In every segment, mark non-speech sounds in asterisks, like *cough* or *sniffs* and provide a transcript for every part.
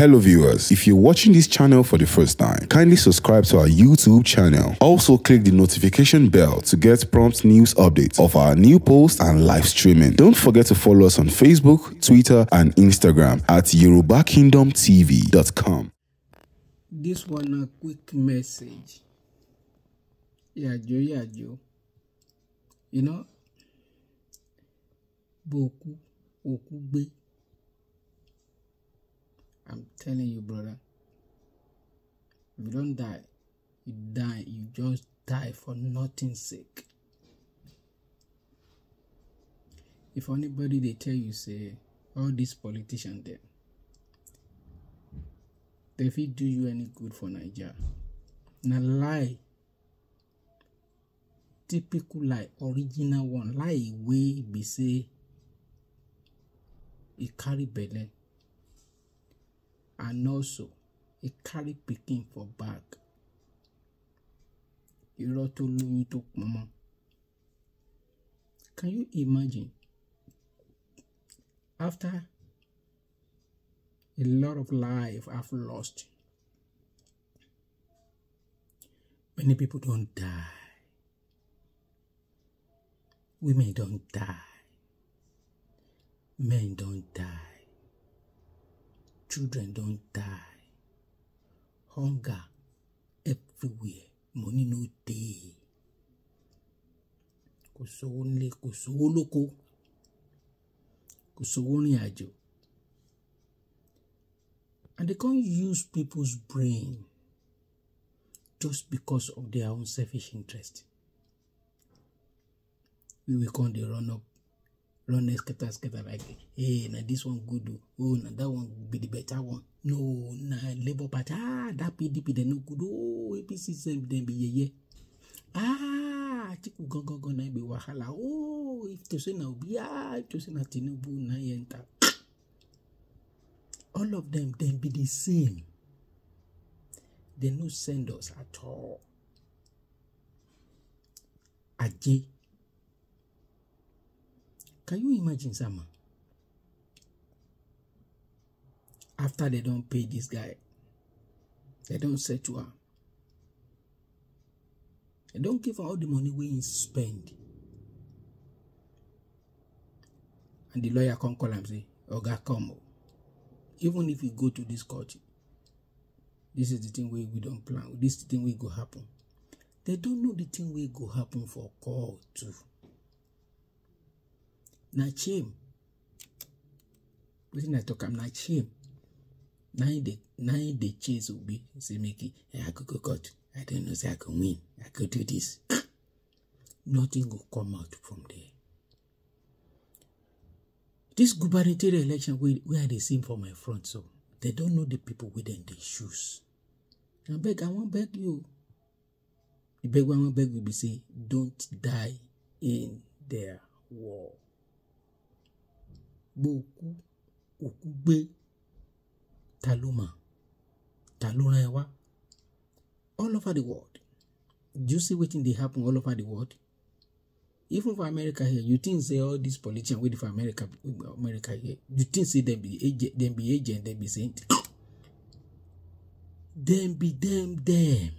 Hello viewers, if you're watching this channel for the first time, kindly subscribe to our YouTube channel. Also click the notification bell to get prompt news updates of our new posts and live streaming. Don't forget to follow us on Facebook, Twitter and Instagram at YorubaKingdomTV.com. This one a quick message. Yeah, Joe. You know, Boku, Okugbe. I'm telling you, brother. If you don't die, you die. You just die for nothing's sake. If anybody they tell you, say, all these politicians there, they fit do you any good for Nigeria. Na lie. Typical lie, original one. Lie way be say, it carry belly and also a carry picking for back irọ́ tó lóyún tó pọn mọ́ can you imagine after a lot of life I've lost many people don't die women don't die men don't die children don't die hunger everywhere money no day. kò only, nílé kò sówó lóko àjò and they can't use people's brain just because of their own selfish interest we will come dey run up run scatter scatter like hey na this one good oh, oh na that one be the better one no na labour party ah that pdp dem no good oh apc same dem be yeye ah atiku gangan na e be wahala oh if to say na obi ah if to say na tinubu na e enter *sniffs* all of them dem be the same dem no send us at all ajé. Can you imagine, Sama? After they don't pay this guy, they don't say to her. They don't give her all the money we spend. And the lawyer can call him say, Oga, come. Oh. Even if you go to this court, this is the thing we, we don't plan. This is the thing we go happen. They don't know the thing we go happen for court too. Nachim. Wetin I talk am na shame. Na him dey na say make it. Eh, I go go court. I don't know say I can win. I can do this. *coughs* Nothing will come out from there. This gubernatorial election we wey the same for my front so they don't know the people within the shoes. I beg I won't beg you. The beg I won't beg you be say don't die in their war all over the world do you see wetin dey happen all over the world even for America here you think say all these politicians wey dey for America America here you think say dem be agent dem be agent dem be saint *sniffs* dem be dem dem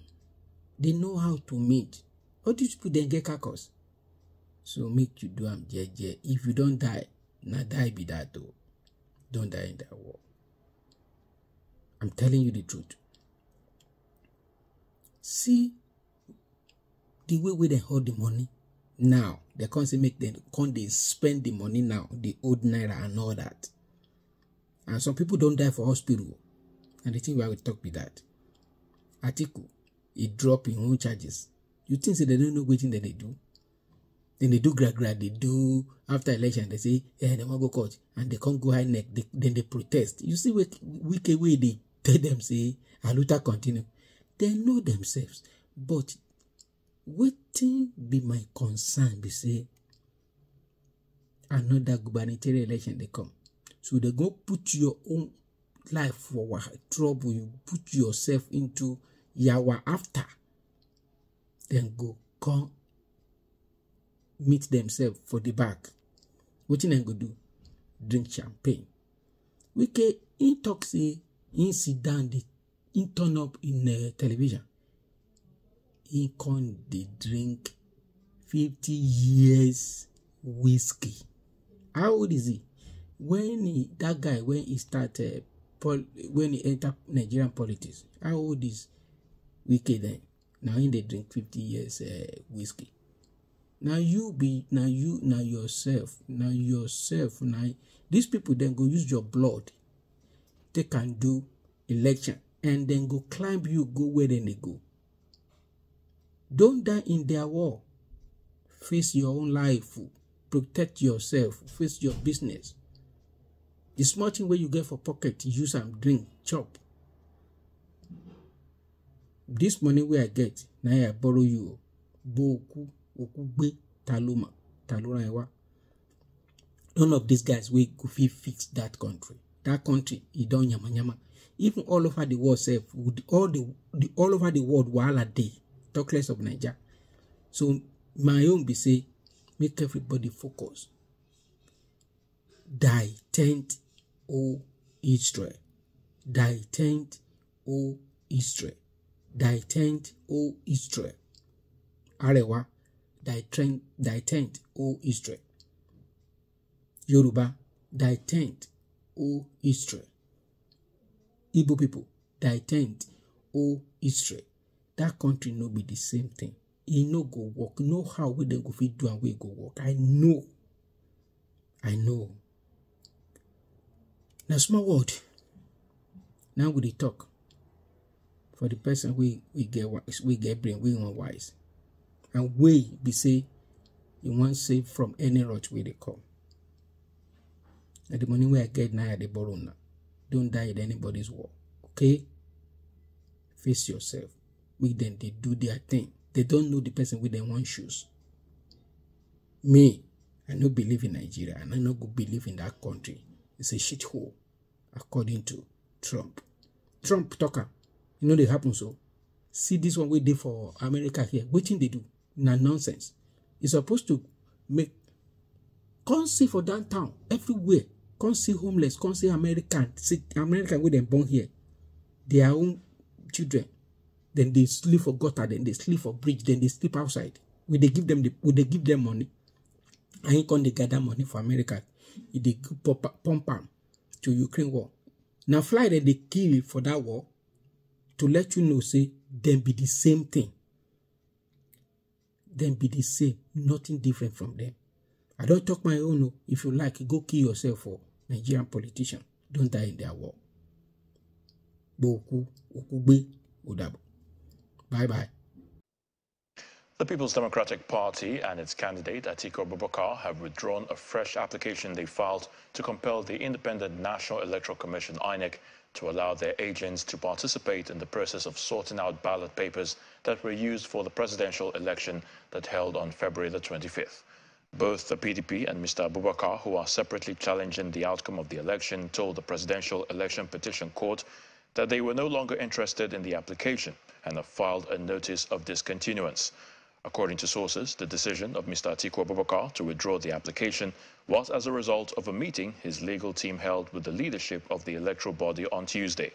they know how to mate all these people dem get carcass so make you do am jeje if you don die now die be that though. Don't die in that war. I'm telling you the truth. See the way we they hold the money now. They can't say make them can they spend the money now, the old naira and all that. And some people don't die for hospital. And the thing we talk be that. Article, it drop in own charges. You think so they don't know what thing that they do? Then they do grad grad, they do after election, they say, yeah, they want to go court. And they can't go high neck, they, then they protest. You see, wicked week, way they *laughs* tell them, say, Aluta continue. They know themselves. But wetin be my concern They say another gubernatorial election they come so they go put your own life for trouble you put yourself into yawa after then go come meet themselves for the back. you dem go do? Drink champagne. Wike can talk in sit down turn up in uh, television. In con dey drink fifty years whiskey. How old is he? When he, that guy when he start uh, pol when he enter Nigerian politics, how old is Wike then? Now im they drink fifty years uh, whiskey. Now you be now you now yourself now yourself now these people then go use your blood. They can do election and then go climb you go where then they go. Don't die in their war. Face your own life. Protect yourself. Face your business. The small thing where you get for pocket, use and drink, chop. This money where I get, now I borrow you. Boku. kúkú gbé ta ló mọ̀ ta ló ràn ẹ́ wá. none of these guys wey go fit fix that country that country e don yamayama even all over the world sef with all the, the all over the world wahala dey talk less of naija so my own be say make everybody focus thy tent o israel thy tent o israel thy tent o israel arẹwà thy, tent, thy tent, O Israel. Yoruba, thy tent, O Israel. Igbo people, thy tent, O Israel. That country no be the same thing. He no go work. No how we then go fit do and we go work. I know. I know. Now small word. Now we de talk for the person we we get we get brain, we unwise. wise. And we, be say, you want save from any rot where they come. And the money we are get now, the borrow now. Don't die at anybody's work. Okay? Face yourself. We then they do their thing. They don't know the person with their one shoes. Me, I no believe in Nigeria and I no go believe in that country. It's a shithole, according to Trump. Trump talker. You know they happen so. See this one we did for America here. What thing they do? na nonsense. It's supposed to make come see for downtown everywhere. Come see homeless, come see American, see American where they born here. Their own children. Then they sleep for gutter, then they sleep for bridge, then they sleep outside. Will they give them the will they give them money? I ain't come they gather money for America. they pump pump to Ukraine war. Now fly that they kill for that war to let you know say them be the same thing. them be the same, nothing different from them. I don't talk my own. If you like, go kill yourself for oh. Nigerian politician. Don't die in their war. Bye bye. The People's Democratic Party and its candidate Atiko Abubakar have withdrawn a fresh application they filed to compel the Independent National Electoral Commission (INEC) to allow their agents to participate in the process of sorting out ballot papers that were used for the presidential election that held on February the 25th. Both the PDP and Mr. Abubakar, who are separately challenging the outcome of the election, told the Presidential Election Petition Court that they were no longer interested in the application and have filed a notice of discontinuance. According to sources, the decision of Mr. Atiku Abubakar to withdraw the application was as a result of a meeting his legal team held with the leadership of the electoral body on Tuesday.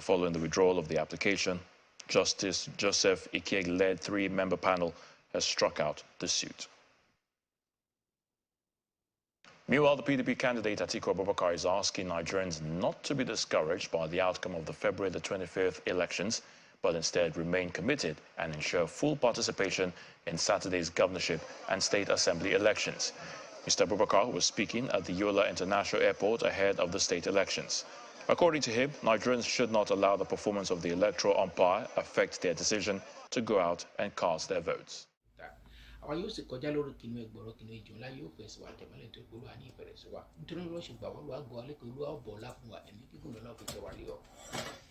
Following the withdrawal of the application, Justice Joseph Ikeg-led three-member panel has struck out the suit. Meanwhile, the PDP candidate Atiku Abubakar is asking Nigerians not to be discouraged by the outcome of the February the 25th elections but instead remain committed and ensure full participation in Saturday's governorship and state assembly elections. Mr. Bubakar was speaking at the Yola International Airport ahead of the state elections. According to him, Nigerians should not allow the performance of the electoral umpire affect their decision to go out and cast their votes. àwọn yóò sì lórí kìnìún ẹgbọ̀rọ̀ wà tẹ̀mọ́lẹ̀ tó gbóló àní ìfẹ̀rẹ̀sẹ̀ wa gbàwọ́ lọ́wọ́ àgọ́ alẹ́kọ̀ọ́ ọ̀la fún wa nitori fun wa o